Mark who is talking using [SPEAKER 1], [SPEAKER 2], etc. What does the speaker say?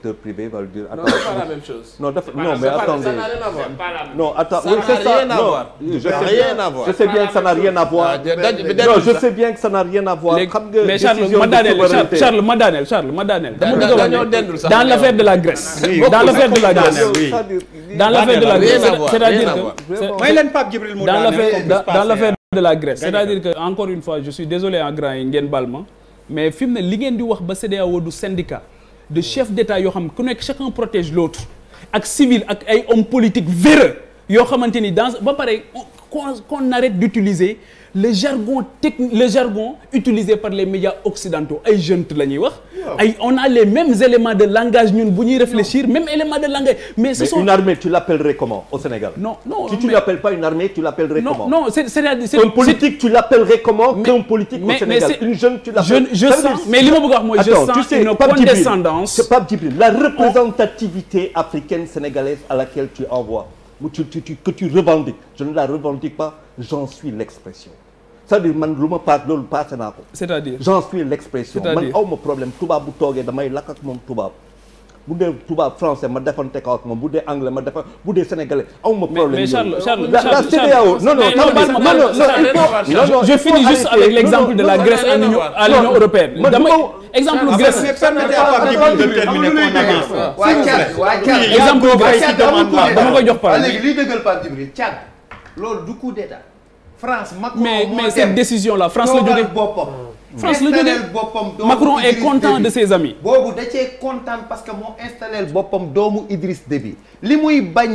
[SPEAKER 1] secteur privé va lui dire. Ah non c'est pas la je sais bien que ça n'a rien ah, rien à voir. Charles ma
[SPEAKER 2] Charles ma dans l'affaire de de la Grèce. dans l'affaire de de la Grèce c'est-à-dire que encore une fois je suis désolé en grand yi ngeen baal ma mais fi li ngeen di wax ba CEDEAO du syndicat de chefs d'État yoo xam ku nekk chacun protège l'autre ak civil ak ay hommes politiques véreux yoo xamante ni dans ba pare qu'on qu arrête d'utiliser le jargon technique le jargon utilisé par les médias occidentaux ay jeunes la ñuy wax. ay on a les mêmes éléments de langage ñun bu ñuy réfléchir non. même élément de langage. mais ce mais sont une armée tu l'appellerais comment au Sénégal. non non si tu
[SPEAKER 1] mais... l'appelles pas une armée tu l'appellerais comment. non non c'est c'est un politique tu l'appellerais comment. mais qu'un politique mais, au Sénégal une jeune tu l'appelles. je je sens mais li ma bëgg a wax mooy. je sens tu sais, une condescendance. Pape Djibril la représentativité on... africaine sénégalaise à laquelle tu envoies. tu, tu, tu, que tu revendiques. Je ne la revendique pas, j'en suis l'expression. c'est-à-dire man lu ma paas loolu paase naa ko. c'est-à-dire j'en suis l'expression. c'est-à-dire man aw ma problème tubaab bu toogee damay lakk ak moom tubaab. bu dee tubaab français ma defante ko ak moom bu dee anglais ma defa bu dee sénégalais amuma problème. mais Charles Charles la CEDEAO non non non non je finis juste avec l'exemple de la Grèce à l'Union européenne. dama exemple Grèce. exemple Grèce dama koy jox par léegi
[SPEAKER 2] liy dëggal Pape Djibril Tchad
[SPEAKER 1] loolu du coup d'état France Macron mais mais cette décision là France la jógee
[SPEAKER 2] boppam France la jógee
[SPEAKER 1] boppam Macron est content de ses amis. boobu da kontaan parce que moo installé boppam doomu Idriss Déby li muy bañ.